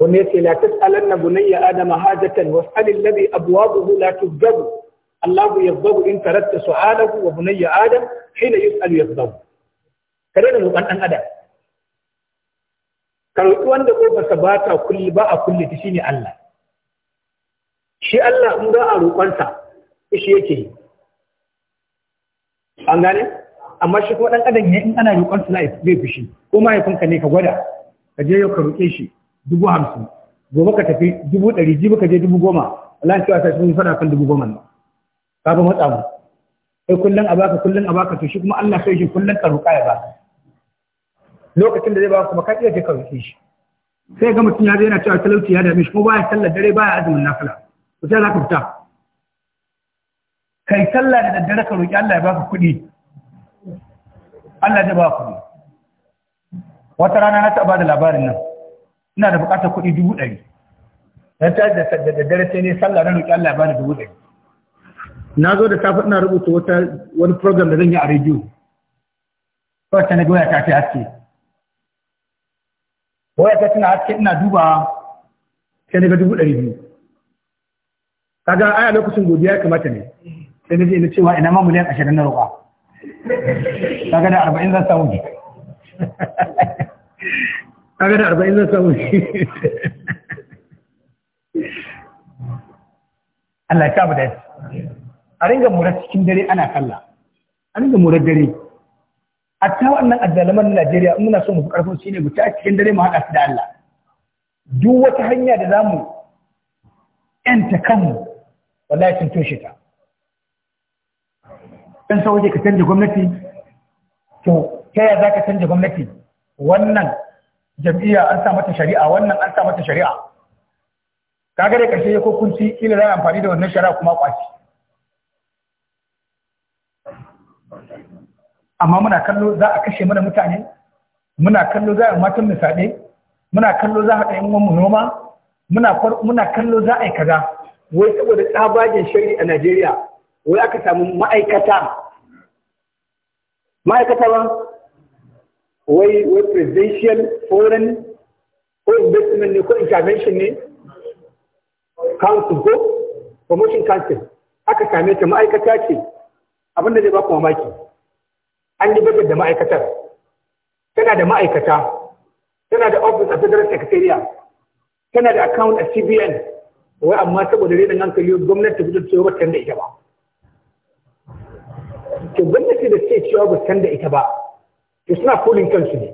Wani ya ce la gunan ya adama hajatan was'alil abuwa buhu la gabu Allahu gabu in taratta su'alahu wa ya adam hina yus'alu gabu kare da roƙan ɗan adam karɓi wanda kofarsa ba ta kulli ba a kulli ta shine Allah shi Allah in ba a roƙonsa shi yake yi an gane amma shi kuma ɗan adam ne in ana roƙonsa na zai fushi ko mahaifinka ne ka gwada ka je ka roƙe shi dubu hamsin gobe ka tafi dubu ɗari jibi ka je dubu goma Allah cewa ta sun fara kan dubu goma nan ka ba matsa mu sai kullum a baka kullum a baka to shi kuma Allah sai shi kullum ka roƙa ya baka lokacin da zai ba su maka iya je ka rufe shi sai ga mutum ya zai yana cewa talauci ya dame shi ko baya sallar dare baya azumin nafila to sai za ka fita kai sallah da daddare ka roƙi Allah ya baka kuɗi Allah zai ba kuɗi wata rana na taɓa da labarin nan ina da buƙatar kuɗi dubu ɗari na ta da daddare sai ne sallah na roƙi Allah ya bani dubu ɗari na zo da safe ina rubuta wani program da zan yi a rediyo ta na goya ta ce haske waya ta tana haske ina duba sai na ga dubu ɗari biyu kaga aya lokacin godiya kamata ne sai na je na cewa ina ma miliyan ashirin na roƙa kaga da arba'in zan samu ne kaga da arba'in zan samu ne Allah ya kama da a ringa murar cikin dare ana kalla a ringa murar dare hatta wannan na Najeriya muna so mu karfin shine mu ta cikin dare mu haɗa su da Allah duk wata hanya da zamu yanta kanmu wallahi sun toshe ta dan sai ka canja gwamnati to ta ya zaka canja gwamnati wannan jam'iyya an sa mata shari'a wannan an sa mata shari'a kaga dai karshe ya kokunci kila za amfani da wannan shari'a kuma kwaci amma muna kallo za a kashe mana mutane muna kallo za a matan misaɗe muna kallo za a ɗayan mu noma muna kallo za a yi kaza wai saboda tsabagen shari a najeriya wai aka samu ma'aikata ma'aikata ba wai wai presidential foreign ko investment ne ko intervention ne council ko promotion council aka same ta ma'aikata ce abinda zai ba ku mamaki an yi budget da ma'aikatar tana da ma'aikata tana da office a federal secretariat tana da account a cbn wai amma saboda rinan hankali gwamnati ta cewa ba da ita ba ke gwamnati da ce cewa ba da ita ba to suna kulin kansu ne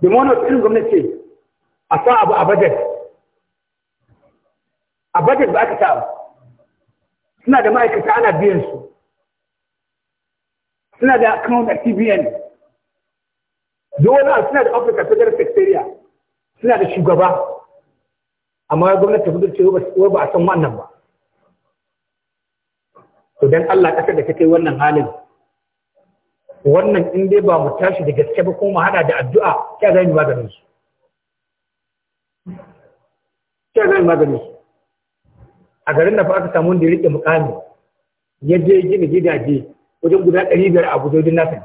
da wani wasu gwamnati a sa abu a budget a budget ba aka sa suna da ma'aikata ana biyan su suna da account a TBN dole suna da Africa Federal Secretariat suna da shugaba amma gwamnati ta fitar cewa ba a san wannan ba to dan Allah kasar da kai wannan halin wannan in dai ba mu tashi da gaske ba kuma hada da addu'a kya zai yi maganin su kya zai maganin su a garin da fa aka samu wanda ya riƙe mukami ya je gina gidaje wajen guda ɗari biyar a abuja wajen nasa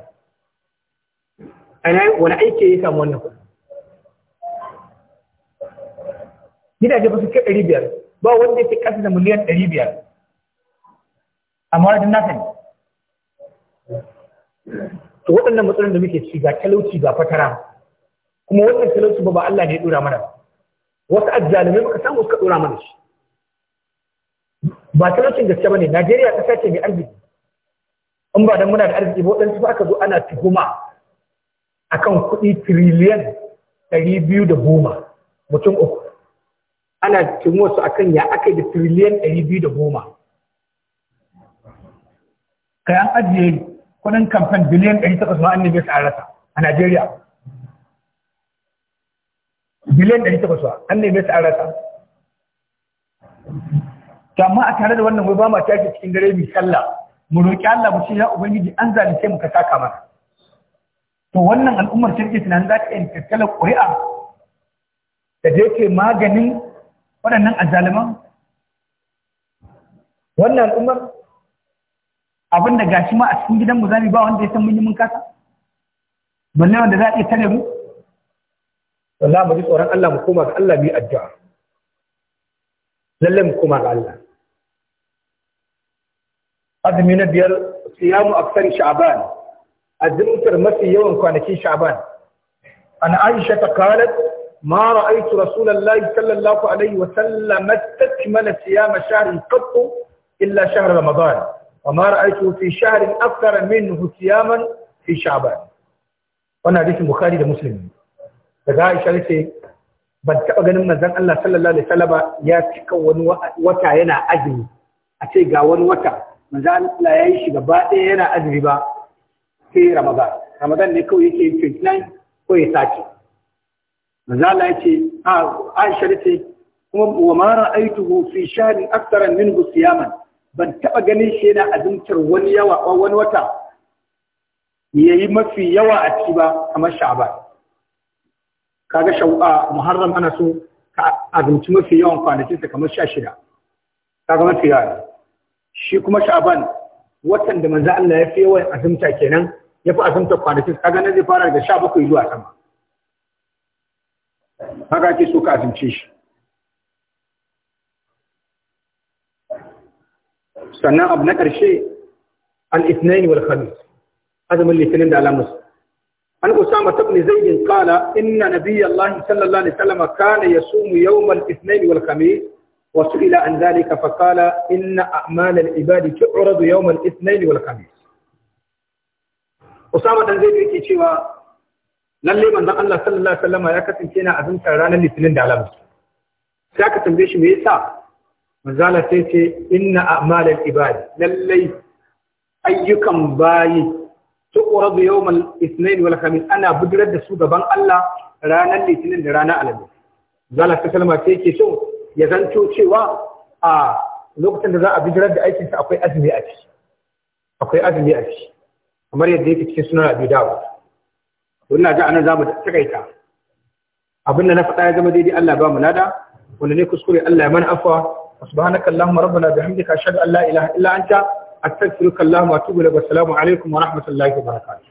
ana wani aiki ya samu wannan kuɗi gidaje ba su kai ɗari biyar ba wanda ya ke ƙasa da miliyan ɗari biyar amma wajen nasa ne to waɗannan matsalolin da muke ci ga talauci ga fatara kuma wannan talauci ba ba Allah ne ya ɗora mana wasu azzalumai muka samu suka ɗora mana shi ba talaucin gaske ba ne najeriya ƙasa ce mai arziki in ba nan muna da arziki ba waɗansu aka zo ana tuhuma akan kuɗi tiriliyan ɗari biyu da goma mutum uku ana a akan ya aka da tiriliyan ɗari biyu da goma kai an ajiye kudin kamfan biliyan 800 ma an su sa rasa a Najeriya biliyan 800 ba su sa rasa amma a tare da wannan wai ba ma tashi cikin dare mai sallah mu roƙi Allah mu ce ya ubangiji an zalice mu ka saka mana to wannan al'ummar shirki tunanin za ta iya kakkalar ƙuri'a da da yake maganin waɗannan azzaliman wannan al'ummar abin da gashi ma a cikin gidanmu za mu ba wanda ya san mun yi mun kasa balle wanda za a iya tare mu wallahi mu ji tsoron Allah mu koma ga Allah mu yi addu'a lalle mu koma ga Allah azumi na biyar siyamu aksari sha'ban azumtar mafi yawan kwanakin sha'ban an aisha ta qalat ma ra'aytu rasulullahi sallallahu alaihi wa sallam tasmala siyama shahrin qattu illa shahr ramadan wa ma ra'aytu fi shahrin akthara minhu siyaman fi sha'ban wannan hadisi bukhari da muslim daga aisha ce ban taɓa ganin manzon Allah sallallahu alaihi wasallam ya cika wani wata yana azumi a ce ga wani wata manzo Allah ya yi shi gaba ɗaya yana azumi ba sai Ramadan Ramadan ne kawai yake yin 29 ko ya sake manzo Allah ya ce a Aisha ce kuma wa ma ra'aituhu fi shahrin min minhu siyaman ban taba ganin shi yana azumtar wani yawa ko wani wata yayi mafi yawa a ciki ba kamar Sha'ban kaga shau'a Muharram ana so ka azumci mafi yawan kwanakinsa kamar 16 kaga mafi yawa shi kuma sha'ban watan da manzo Allah ya fi yawan azumta kenan ya fi azumta kwanakin kaga na zai fara daga 17 zuwa sama haka ake so ka azumce shi sannan abu na ƙarshe al-ithnain wal khamis azumin litinin da alamus an usama tabni zaidin qala inna nabiyyallahi sallallahu alaihi wasallam kana yasumu yawm al-ithnain wal khamis وسئل عن ذلك فقال إن أعمال العباد تعرض يوم الاثنين والخميس Usama dan zai yake cewa lalle manzon Allah sallallahu ya kasance yana azumtar ranar Litinin da Alhamis. Sai aka shi me yasa? Manzala sai ce inna a'malal ibad lalle ayyukan bayi tuqradu yawmal ithnain wal ana budurar da su gaban Allah ranar Litinin da ranar yake so ya zanto cewa a lokacin da za a bijirar da aikinsa akwai azumi a ciki akwai azumi a ciki kamar yadda yake cikin sunan abu dawo wannan ga anan zamu takaita abinda na faɗa ya zama daidai Allah ba mu lada wanda ne kuskure Allah ya mana afwa subhanaka allahumma rabbana bihamdika ashhadu an la ilaha illa anta astaghfiruka allahumma wa atubu ilaik assalamu alaikum wa rahmatullahi wa barakatuh